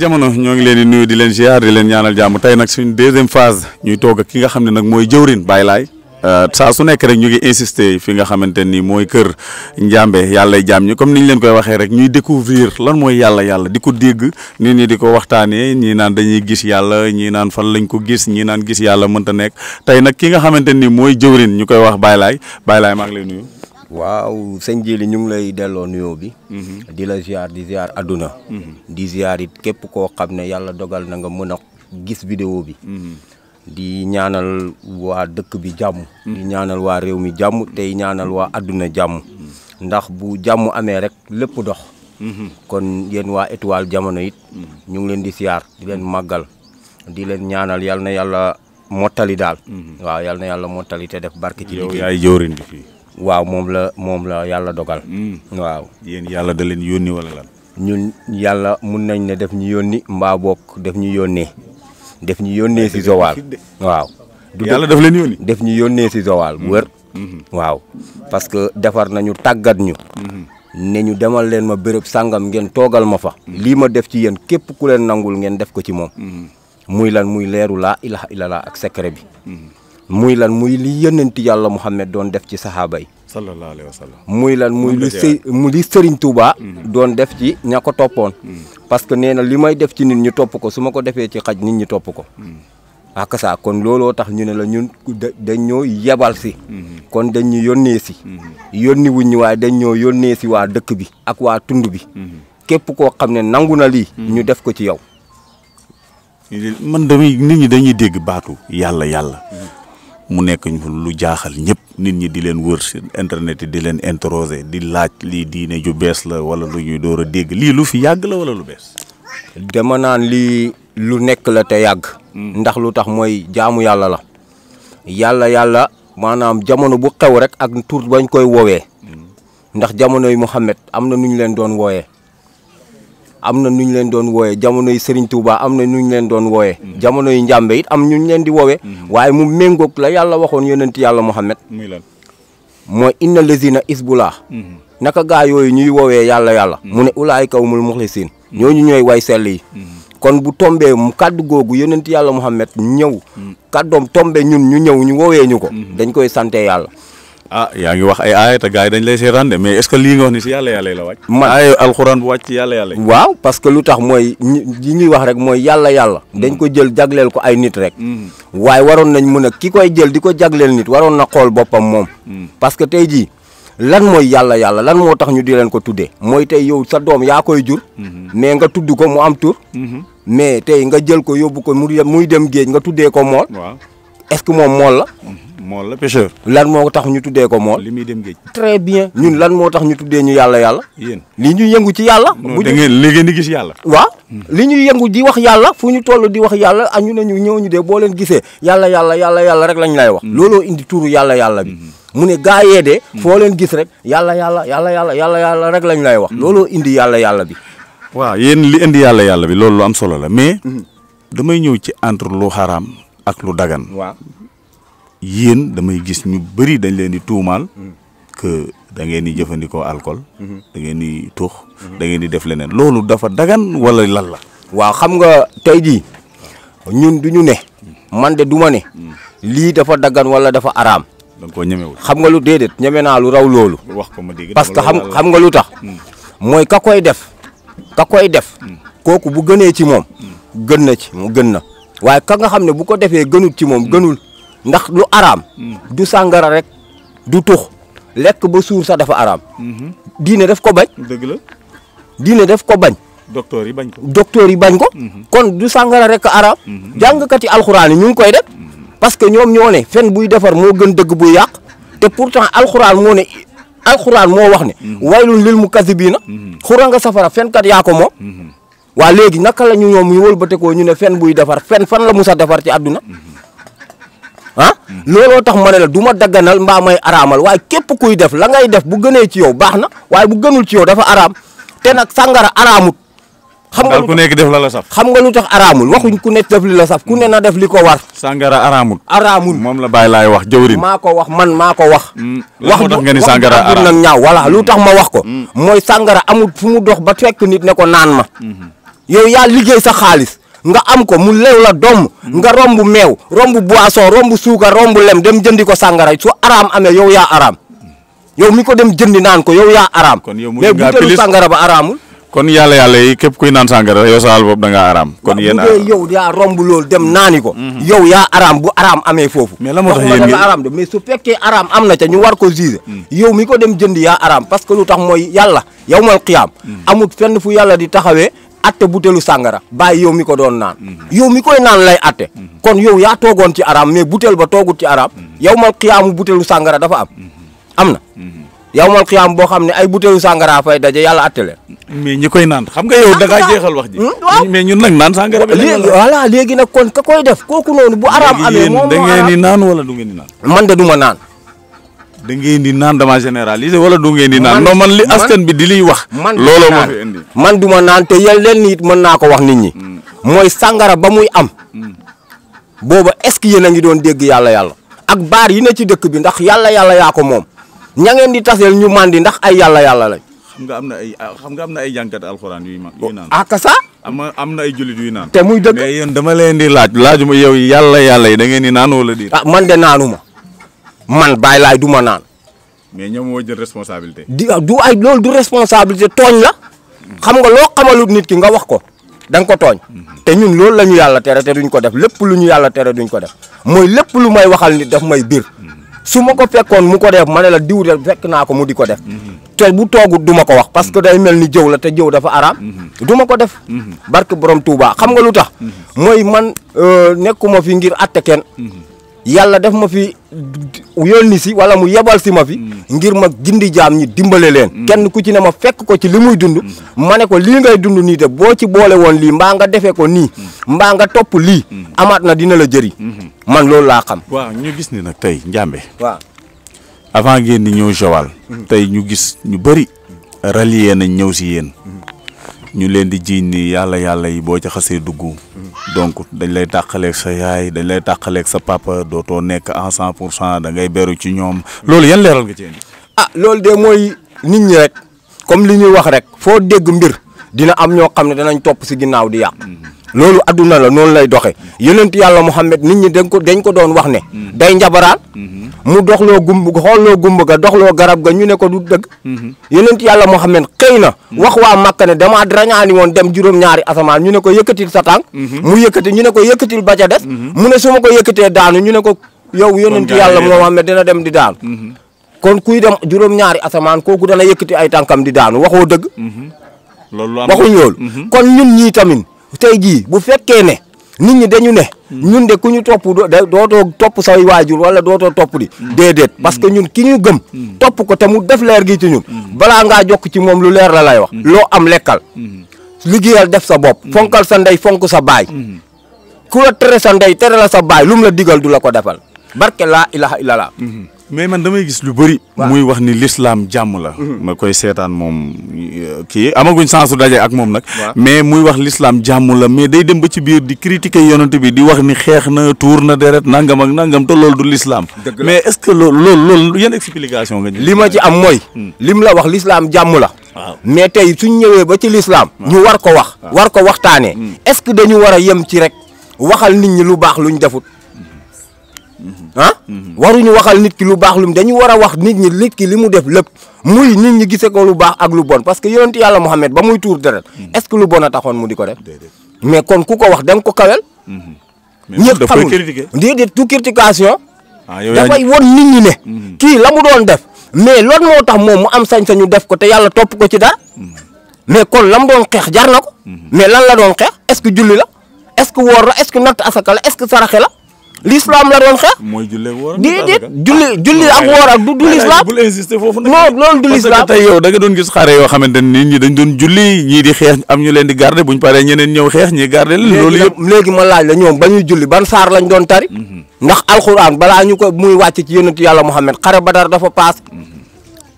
jamono ñoo ngi leen di nuyu di leen ziar di leen ñaanal jàmm tey nag suñ deuxième phase ñuy toog ak ki nga xam ne nag mooy jëwrin Baye Laye euh, saa su nekk rek ñu ngi insister fi nga xamante ni mooy kër Njambe yàlla jaam ñi comme ni ñu leen koy waxee rek ñuy découvrir lan mooy yàlla yàlla di ko dégg nit ñi di ko waxtaanee ñii naan dañuy gis yàlla ñii naan fan lañ ko gis ñi naan gis yàlla mënta nekk tey nag ki nga xamante ni mooy jëwrin ñu koy wax Baye Laye Baye Laye lay nuyu. waaw sëñ Jili ñu ngi lay delloo nuyoo bi. Mhm. di la ziar di ziar àdduna. Mhm. di ziar it képp koo xam ne yàlla dogal na nga mën a gis vidéo bi. Mhm. di ñaanal waa dëkk bi jàmm. di ñaanal waa réew mi jàmm tey ñaanal waa àdduna jàmm. ndax bu jàmm amee rek lépp dox. kon yéen waa étoile jamono it. ñu ngi leen di siyaar di leen màggal di leen ñaanal yàlla na yàlla mottali daal. waaw yàlla na yàlla mottali te def barke ci liggéey. yow yaay jëwriñ waaw moom la moom la yàlla dogal. Hmm. waaw yéen yàlla da leen yónni wala lan. ñun yàlla mun nañ ne def ñu yónni mbaa bokk def ñu yónnee def ñu yónnee si Joal waaw. yàlla daf leen def ñu yónnee si Joal bu hmm. wër. Hmm. waaw parce que defar nañu tàggat ñu. ne ñu demal leen ma béréb sàngam ngeen toogal ma fa. lii ma def ci yéen képp ku leen nangul ngeen def ko ci moom. muy lan muy leeru la ilaha illallah ak secret bi. muy lan muy li yënanti yàlla Muhammad doon def ci saxaaba yi. sallallahu alayhi wa sallam muy lan muy lu mu li sëriñ Touba. Mhm. doon def ci ña ko toppoon. Mhm. parce que nee na li may def ci nit ñu topp ko su ma ko defee ci xaj nit ñu topp ko. Mhm. ak saa kon looloo tax ñu ne la ñun dañ ñoo yebal si. kon dañ ñu yónnee si. yónni wuñ waaye dañ ñoo yónnee si waa dëkk bi ak waa tund bi. képp koo xam ne nangu na lii. ñu def ko ci yow. man nit ñi dañuy dégg baatu yàlla yàlla. mu nekk lu jaaxal ñëpp nit ñi di leen wër si internet di leen interroger di laaj lii diine ju bees la wala lu ñuy door a dégg lii lu fi yàgg la wala lu bees. dama naan lii lu nekk la te yàgg. Hmm. ndax lu tax mooy jaamu yàlla la. yàlla yàlla maanaam jamono bu xew rek ak tur bañ koy woowee. Hmm. ndax jamono yi Muhammad am na nu ñu leen doon wooyee. am na nu ñu leen doon wooyee jamono yi Serigne am na nu ñu leen doon wooyee. jamono yi njàmbe am ñu ñu leen di woowee. Mhm. waaye mu méngoog la yàlla waxoon yonent yàlla Muhammad. muy lan mooy inna lazina isbulaa mhm. naka gaa yooyu ñuy woowee yàlla yàlla. Mhm. mu ne ulaay kaw mul muxlisiin ñooñu ñooy way sell yi. kon bu tombee mu kàddu googu yonent yàlla Muhammad ñëw. kàddoom tombe ñun ñu ñëw ñu woowee ñu ko. dañ koy sante yàlla. ah yaa ngi wax ay aaya gaa yi dañ lay seetaan de mais est que lii nga wax ni si yàlla yàlla la wàcc. ma ay alxuraan bu wàcc ci yàlla yàlla. parce que lu tax mooy ñi ñuy wax rek mooy yàlla yàlla. Mm. dañ ko jël jagleel ko ay nit rek. Mm. waaye waroon nañ mun a ki koy jël di ko jagleel nit waroon na xool boppam moom. Mm. parce que tey jii lan mooy yàlla yàlla lan moo tax ñu di leen ko tuddee. mooy tey yow sa doom yaa koy jur. Mm-hmm. mais nga tudd ko mu am tur. Mm-hmm. mais tey nga jël ko yóbbu ko muy dem géej nga tuddee ko mool. waaw est-ce que moom mool la. Mm-hmm. mool la pêcheur. lan moo tax ñu tuddee ko mool. li muy dem géej. très bien ñun lan moo tax ñu tuddee ñu yàlla yàlla. yéen li ñuy yëngu ci yàlla. bu da ngeen léegi ni gis yàlla. waaw hmm. li ñuy yëngu di wax yàlla fu ñu toll di wax yàlla ak ñu ne ñu ñëw ñu dee boo leen gisee yàlla yàlla yàlla yàlla rek lañ lay wax. Hmm. looloo indi yàlla yàlla bi. Hmm. mu ne gaa de. foo leen gis rek yàlla yàlla yàlla yàlla yàlla yàlla rek lañ lay wax. looloo indi yàlla yàlla bi. waaw yéen li indi yàlla yàlla bi loolu lu am solo la mais. damay ñëw ci entre lu xaraam ak lu dagan. waaw yéen damay gis ñu bëri dañ leen di tuumaal que da ngeen di jëfandikoo alcool da di tuux da di def leneen loolu dafa dagan wala lan la waaw xam nga tey jii ñun du ñu man de du ma lii dafa dagan wala dafa araam danga ko ñemewul xam nga lu déedéet ñeme naa lu raw loolu wax ko ma dégg parce que xam xam nga lu tax hmm. mooy ka koy def ka koy def hmm. kooku bu gënee ci moom hmm. gën na ci mu gën na waaye ka nga xam ne bu ko defee gënut ci moom gënul ndax lu araam mm. du sàngara rek du tux lekk ba suur sax dafa araam mm-hmm. diine def ko bañ dëgg la diine def ko bañ docteur yi bañ ko yi bañ ko mm-hmm. kon du sangara rek araam mm-hmm. jàngkat yi alxuraan yi ñu ngi koy def parce que ñoom ñoo ne fen buy defar moo gën dëgg buy yàq te pourtant alxuraan moo ne alxuraan moo wax ne waylun lil mukazzibiina xura nga safara fenkat yaa ko moom waa léegi naka la ñu ñoom ñu wëlbatekoo ñu ne fen buy defar fen fan la musa defar ci àdduna ah looloo tax ma ne la du ma dagganal mbaa may araamal waaye képp kuy def la ngay def bu gënee ci yow baax na waaye bu gënul ci yow dafa araam te nag sàngara araamut xam nga ku nekk def la la saf xam nga lu tax araamul waxuñ ku nekk def li la saf ku ne na def li ko war sàngara araamul araamul moom la bàyyi laay wax jëwrin maa ko wax man maa ko wax mm. wax nga ni sàngara araamul nag ñaaw voilà lu tax ma wax ko mm. mooy sàngara amul fu mu dox ba fekk nit ne ko naan ma mm-hmm. yow yaa liggéey sa xaalis nga am ko mu lew la doom nga romb meew romb boisson romb suukar romb lem dem jëndi ko sangara su araam amee yow yaa araam yow mi ko dem jëndi naan ko yow ya araam mais buteelu sàngara ba araamul kon yàlla yàlla képp kuy naan sàngara yow sa wàll boobu da ngaa araam kon yéen bu yow yaa romb loolu dem naani ko mhm. yow yaa araam bu araam amee foofu mais la moo tax yéen araam de mais su fekkee araam am na ca ñu war ko juge mhm. mi ko dem jëndi yaa araam parce que lu tax mooy yàlla yow mal xiyaam mhm. amut fenn fu yàlla di taxawee atte butéelu sangara bàyyi yow mi ko doon naan mhm. yow mi koy naan lay atte mhm. kon yow yaa toogoon ci araam mais butéel ba toogut ci araam mhm. yow mal xiyaamu butéelu sàngara dafa am am na yow mal xiyaam boo xam ne ay butéelu sàngara fay daje yàlla atte leen mais ñi ko naan xam nga yow da jeexal wax ji hmm? mais ñun nag naan sàngara bi léegi voilà léegi nag kon ka koy def kooku noonu bu araam amee moom da ngeen di naan wala du ngeen man de du ma naan da ngay indi nan dama généraliser wala du ngay indi nan non man li askan bi di li wax lolo ma fi indi man duma nan te yel len nit man nako wax nit ñi moy hmm. sangara ba muy am hmm. boba est ce yeena ngi doon deg yalla yalla ak bar yi ne ci dekk bi ndax yalla yalla ya ko mom ña ngeen di tassel ñu mandi ndax ay yalla yalla lañ xam nga amna na ay xam nga amna ay jànkat alcorane yu mag ak ah, sa amna ay julit yu nan te muy dëgg mais yéen dama leen di laaj mu yow yalla yalla da ngeen di naan wala di ah man de nanuma man baay laay du ma naan. mais ñoom moo jël responsabilité. di du ay loolu du responsabilité tooñ la. xam nga loo xamalut nit ki nga wax ko da nga ko tooñ. Mhm. te ñun loolu la ñu yàlla tere te duñ ko def lépp lu ñu yàlla tere duñ ko def mooy lépp lu may waxal nit daf may biir. Mhm. su ma ko fekkoon mu ko def ma ne la diw de fekk naa ko mu di ko def. Mhm. te bu toogut duma ko wax parce que day mel ni jëw la te jëw dafa araam. du ma ko def. barke borom Touba xam nga lu tax. mooy man euh, nekkuma fi ngir atte kenn. yàlla def ma fi yónni si wala mu yebal si ma fi mm. ngir ma gindi jaam ñi dimbale leen mm. kenn ku ci ne ma fekk ko ci li muy dund mm. ma ne ko lii ngay dund nii de boo ci boole woon lii mbaa nga defee ko nii mbaa nga topp lii amaat na dina la jëriñ mm-hmm. man loolu laa xam ñu gis ni nag tey njàmbe waaw avant ngeen di ñëw Joal mm-hmm. ñu gis ñu bëri rallier nañ ñëw si yéen mm-hmm. ñu leen di jiiñ ni yàlla yàlla yi boo ci xasee dugg. donc dañ lay tàqaleeg sa yaay dañ lay tàqaleeg sa papa dootoo nekk en cent pour cent da ngay beru ci ñoom loolu yan leeral nga ci indi. Ah, loolu de mooy nit ñi rek comme li ñuy wax rek foo dégg mbir dina am ñoo xam ne danañ topp si ginnaaw di yàq. Mm-hmm. loolu adduna la noonu lay doxee mm-hmm. yonent yàlla Muhammad nit ñi dañ ko dañ ko doon wax ne. Mm-hmm. day njabaraan. mu doxloo gumb xoolloo gumb ga dox doxloo garab ga ñu ne ko du dëgg mhm. yonent yàlla Muhammad xëy na mhm. wax waa Makka ne damaa rañaani woon dem juróom-ñaari asamaan ñu ne ko yëkkatil sa tànk mhm. mu yëkkati ñu ne ko yëkkatil ba ca des mu ne su ma ko yëkkatee daanu ñu ne ko yow yonent yàlla Muhammad dina dem di daanu kon kuy dem juróom-ñaari asamaan kooku dana yëkkati ay tànkam di daanu waxoo dëgg loolu waxuñ loolu kon ñun ñi tamit tey jii bu fekkee ne nit ñi dañu ne ñun de ku ñu topp dootoo topp say waajur wala dootoo topp di mm. déedéet parce que ñun ki ñu gëm mm. topp ko te mu def leer gi ci ñun mm. balaa ngaa jokk ci moom lu leer la lay wax loo am lekkal liggéeyal def sa bopp fonkal sa ndey fonk sa baay ku la tere sa tere la sa baay lu la digal du la ko defal barke la ilaha illallah mm-hmm. mais man damay gis lu bëri. muy wax ni lislaam jàmm la. Mhm. ma koy seetaan moom euh, kii amaguñ chance daje ak moom nag. mais muy wax lislaam jàmm la mais day dem ba ci biir di critiquer yonent bi di wax ni xeex na tuur na deret nangam nangam te loolu du l'islam. mais est-ce que loolu loolu loolu yan explication li ma ci am mooy. li hmm. lim la wax lislaam jàmm la. mais tey suñ ñëwee ba ci lislaam ñu war ko wax. war ko waxtaanee. Hmm. est-ce que dañu war a yem ci rek waxal nit ñi lu baax luñ defut. ah waruñu waxal nit ki lu baax wara dañu wara wax nit ñi nit ki limu mu def lepp muy nit ñi gisse ko lu baax ak lu bon parce que yoonte yalla Muhammad ba muy tour deral hmm. est-ce que lu bon taxone mu diko def mais kon ku ko wax da nga ko kawel hmm. ñëpp xamul déedéet tout critication ah, fay won nit ñi ne hmm. Ki lamu doon def mais loolu motax mom mu am sañ-sañu def ko te yalla top ko ci dara mais kon lam doon xex jarnako mais lan la doon xex est-ce que julli la est-ce que wor la est-ce que nat asaka la est-ce que saraxela l'islam la doon xeex. mooy julli ak woor ak déedéet julli julli ak woor ak du du l'islam. bul foofu nag. non loolu du l'islam tey yow da nga doon gis xare yoo xamante ne nit ñi dañ doon julli ñii di xeex am ñu leen di garde buñ paree ñeneen ñëw xeex ñi garder leen. loolu yëpp léegi ma laaj la ñoom ba ñuy julli ban saar lañ doon tari. Mhm. ndax alxuraan balaa ñu ko muy wàcc ci yonent yàlla Muhammad xare Badar dafa paas. Mhm.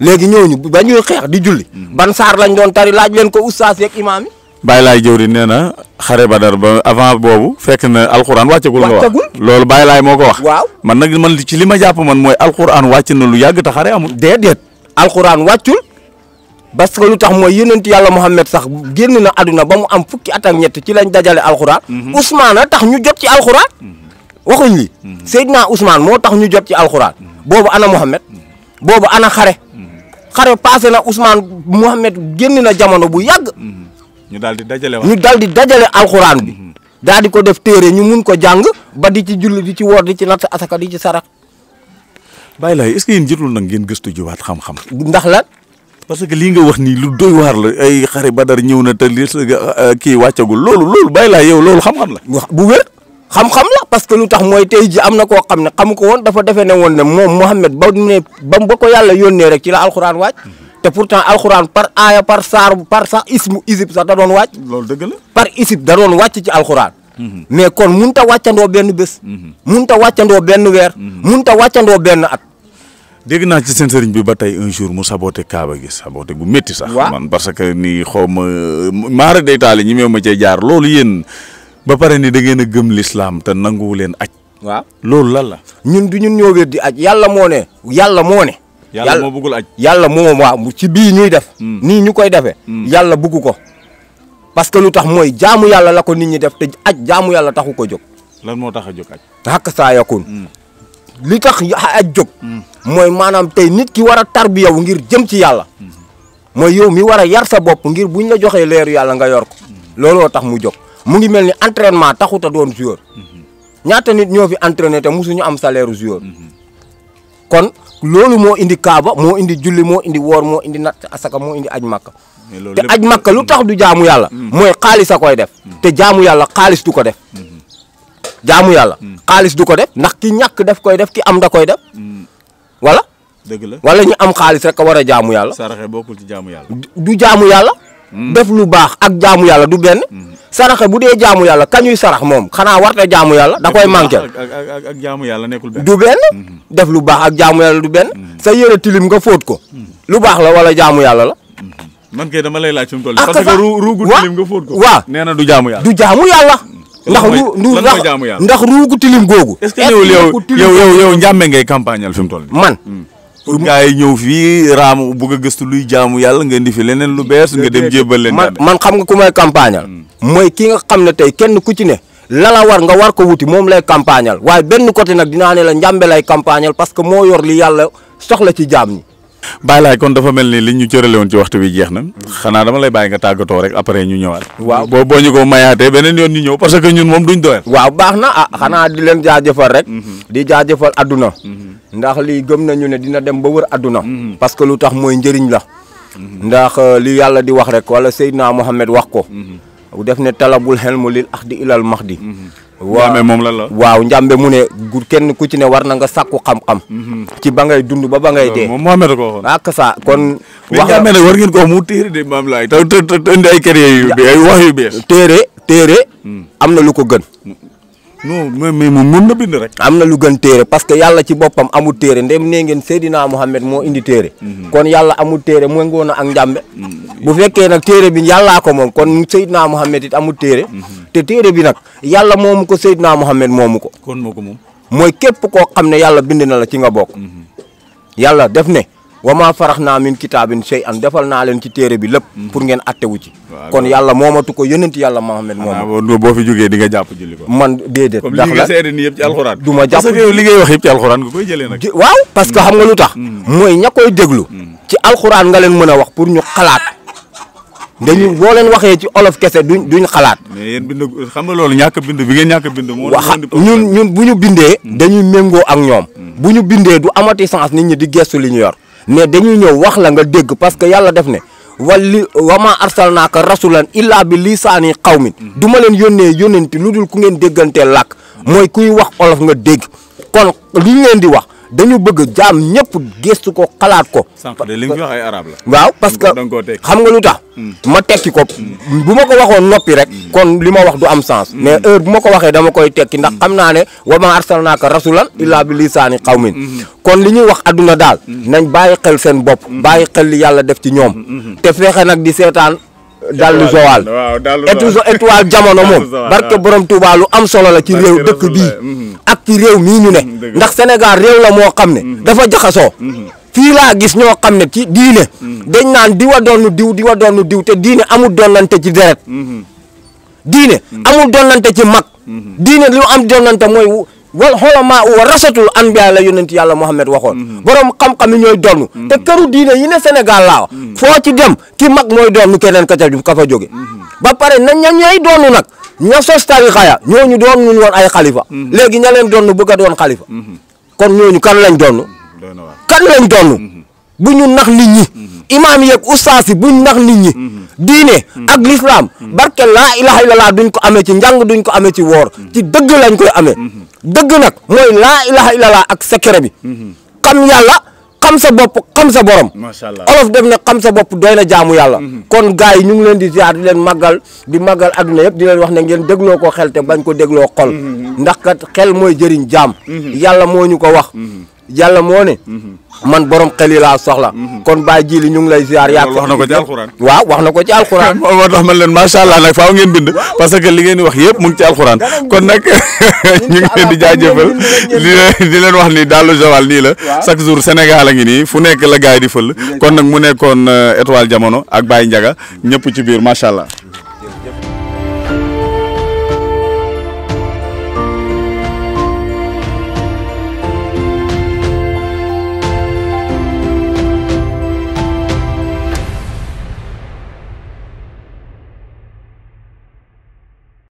léegi ñooñu ba ñuy xeex di julli. Mhm. ban saar lañ doon tari laaj leen ko ustaas yeeg imaam yi Baye Laay jëwri nee na xare Badar ba avant boobu fekk na alxuraan wàccagul nga wax loolu Baye Laay moo ko wax. waaw man nag man ci li ma jàpp man mooy alxuraan wàcc na lu yàgg te xare amul. déedéet alxuraan wàccul parce que lu tax mooy yonent yàlla Muhammad sax génn na àdduna ba mu am fukki at ñett ci lañ dajale alxuraan. Mhm. Ousmane tax ñu jot ci alxuraan. Mhm. waxuñ li mhm. Seydina Ousmane moo tax ñu jot ci alxuraan boobu ana Muhammad boobu ana xare xare passé na Ousmane Muhammad génn na jamono bu yàgg. ñu daal di dajale ñu daal di dajale alxuraan bi mm-hmm. daal di ko def téere ñu mun ko jàng ba di ci julli di ci woor di ci natt asaka di ci sarax. bàyyi laay est ce que yéen jotul nag ngeen gëstu jiwaat xam-xam. ndax la parce que lii nga wax nii lu doy waar la ay xare badar ñëw na te li kii wàccagul loolu loolu bàyyi laay yow loolu xam-xam la. wax bu wér xam-xam la parce que lu tax mooy tey ji am na ko xam ne xamu ko woon dafa defee ne woon ne moom Mouhamed ba ne ko yàlla yónnee rek ci la alxuraan wàcc. Mm-hmm. te pourtant alcorane par aya par sar par sa ismu isib sa da don wacc deug la par isib da don wacc ci alcorane mais kon munta waccando ben bes munta waccando ben wer munta waccando ben at. deug na ci sen serigne bi ba tey un jour mu saboté kaba gi saboté gu metti sax. man parce que ni xaw ma maara day taali ñi meuma ci jaar loolu yeen ba pare ni da ngeen gëm l'islam te nanguwu len acc waaw loolu la la. ñun duñu ñowé di acc yalla mo ne. yalla mo ne yalla mo bëggul aj yalla moom waaw ci bi ñuy def hmm. ni ñukoy defé yalla hmm. yàlla bëgg ko parce que lutax moy jaamu yalla la ko nit ñi def te aj jaamu yalla taxu ko jog lan mo tax a aj hak sa yakun hmm. li tax ya, aj jog moy manam tay nit ki wara tarbiya wu ngir jëm ci yalla moy yow mi wara a yar sa bop ngir buñ la joxé leeru yalla nga yor ko lolo tax mu jog mu ngi melni entraînement taxu ta doon joueur ñaata nit ñofi entraîner te mosuñu am salaire joueur kon loolu mo indi kaaba mo indi julli mo indi wor mo indi nat asaka mo indi aj makka te aj makka lu tax du jaamu yalla moy hmm. khalis akoy def hmm. te jaamu yalla khalis du ko def hmm. jaamu yalla khalis du ko def ndax ki ñak def koy def ki am da koy def wala deug la wala ñu am khalis rek a war a jaamu yàlla saraxe ci jaamu yalla du jaamu yalla def lu bax ak jaamu yalla du ben sarax bu dé jaamu yàlla kañuy sarax mom, xana warté jaamu yalla da koy manké ak jaamu yalla nekul benn du benn mhm. def lu baax ak jaamu yalla du benn mhm. sa yéré tilim nga fot ko mhm. lu baax la wala jaamu yalla la man ké dama lay laaj fi mu ah, parce que gu tilim nga fot ko néna du jaamu yalla du jaamu yalla ndax ru ndax ndax gu tilim googu est ce que yow yow yow yow njàmme ngay campagnal al mu toll man pour gaa yi ñëw fii raam bëgg a gëstu luy jaamu yàlla nga indi fi leneen lu bees nga dem jébbal leen man xam nga ku may campagnal hmm. mooy ki nga xam ne tey kenn ku ci ne lala war nga war ko wuti moom lay campagnal waaye benn côté nag dinaa ne la njàmbe lay campagnal parce que moo yor li yàlla soxla ci jaam ñi bàyyi laay kon dafa mel ni li ñu cërale woon ci waxtu wi jeex na xanaa dama lay bàyyi nga tàggatoo rek après ñu ñëwaat waaw boo boo ñu ko mayaatee beneen yoon ñu ñëw parce que ñun moom duñ doyal waaw baax na ah xanaa di leen jaajëfal rek mm-hmm. di jaajëfal adduna mm-hmm. ndax li gëm nañu ne dina dem ba wër aduna parce que lu tax njëriñ la ndax euh, li yalla di wax rek wala sayyidna muhammad wax ko bu mhm. def ne talabul helmu lil ahdi ilal mahdi mhm. waaw mom la la waaw njàmbe mu ne gu kenn ku ci ne war na nga sakku xam-xam mhm. ci ba ngay dund ba ba ngay mom mohammed ko waxoon ak ah, sa kon wax njàmbe nag war ngeen ko mu téere de mam lay taw indi ay kër yu ya. ay wax yu bees téere téere lu ko gën non mais mais moom na bind rek. am na lu gën parce que yàlla ci boppam amul téere ndee nee ngeen Seydina Mohamed moo indi téere. Mhm. kon yàlla amul téere mu ngoon ak njàmbe. Mhm. bu fekkee nag téere bi yàllaa ko moom kon Seydina Mohamed it amul téere. Mhm. te téere bi nag yàlla moomu ko Seydina Mohamed moomu ko. kon moo ko moom. mooy koo xam ne yàlla bind na la ci nga bokk. yàlla def ne. wa maa farax naa min kitaabin sey an defal naa leen ci téere bi lépp pour ngeen attewu ci kon yàlla moomatu ko yonent yàlla Muhammad moom boo fi jógee di nga jàpp julli ko man déedéet ndax la ni yëpp ci alxuraan du ma jàpp li ngay wax yëpp ci alxuraan nga koy jëlee parce que xam nga lu tax mm. Mm. mooy ña koy déglu mm. ci alxuraan nga leen mën a wax pour ñu xalaat dañu boo leen waxee ci olof kese du ñu xalaat. mais xam nga loolu ñàkk bind bi ngeen ñàkk bind. moo ñun ñun bu ñu bindee. dañuy méngoo ak ñoom. bu ñu bindee du amati sens nit ñi di gestu li ñu yor. mais dañuy ñëw wax la nga dégg parce que yàlla def ne wali wama arsalnaaka rasulan illaa bi lisaani qawmin mm-hmm. du duma leen yónnee yónnenti lu dul ku ngeen déggantee làkk mm-hmm. mooy kuy wax olof nga dégg kon li ñu leen di wax dañu bëgg jaam ñëpp gëstu ko xalaat ko. sànq li nga wax ay arab la. waaw parce que xam nga lu tax. Hmm. ma tekki ko hmm. bu ma ko waxoon noppi rek. Hmm. kon li ma wax du am sens. mais heure bu ma ko waxee dama koy tekki ndax xam naa ne wa ma arsalnaaka rasulan illaa bi lisaani qawmin kon li ñuy wax adduna daal. nañ bàyyi xel seen bopp. bàyyi xel yàlla def ci ñoom. te fexe nag di seetaan. dallu Joal étoile jamono moom barke borom Touba lu am solo la ci réew dëkk bii mhm. ak ci réew mii ñu ne ndax Sénégal réew la moo xam ne mhm. dafa jaxasoo mhm. fii laa gis ñoo xam ne ci diine dañ naan di wa doonu diw di wa doonu diw te diine amul doonante ci deret diine amul doonante ci mag diine lu am doonante mooy wal xolama wa rasatul anbiya la yonent yàlla Muhammad waxoon mhm. borom xam-xam yi ñooy donnu mhm. te këru diine yi ne Sénégal laa mhm. foo ci dem ki mag mooy donnu keneen ka ca ka fa jóge ba pare na ña ñooy donnu nag ña sos tarixa ya ñooñu doon ñu ay xalifa léegi ña leen donnu bëgg a doon xalifa kon ñooñu kan lañ donnu kan lañ donnu bu ñu nax ni ñi imaam yeeg ustaas bu buñ nax nit ñi diine ak l'islam barke laa ilaha illallah duñ ko amee ci njàng duñ ko am ci woor ci dëgg lañ koy dëgg nag mooy laa ilaha illallah ak secret bi mhm. xam yàlla xam sa bopp xam sa borom macha allah olof def ne xam sa bopp doy na jaamu yàlla mhm. kon gars yi ñu ngi leen di ziar di leen màggal di màggal adduna yëpp di leen wax ne ngeen dégloo ko xel te bañ ko dégloo xol mhm. ndax kat xel mooy jëriñ jaam yàlla moo ñu ko wax yàlla moo ne. Mhm. man borom xel yi laa soxla. Mhm. kon Baye Djily ñu ngi lay ziar. yaa wax na ko ci alxuraan. waaw wax na ko ci alxuraan. moo tax man leen macha allah nag faaw ngeen bind parce que li ngeen wax yëpp mu ngi ci alxuraan kon nag ñu ngi leen di jaajëfal di di leen wax ni Daalu Joal nii la. chaque jour Sénégal a ngi nii fu nekk la gars yi di fël kon nag mu nekkoon euh, étoile jamono ak Baye njaga ñëpp ci biir macha allah.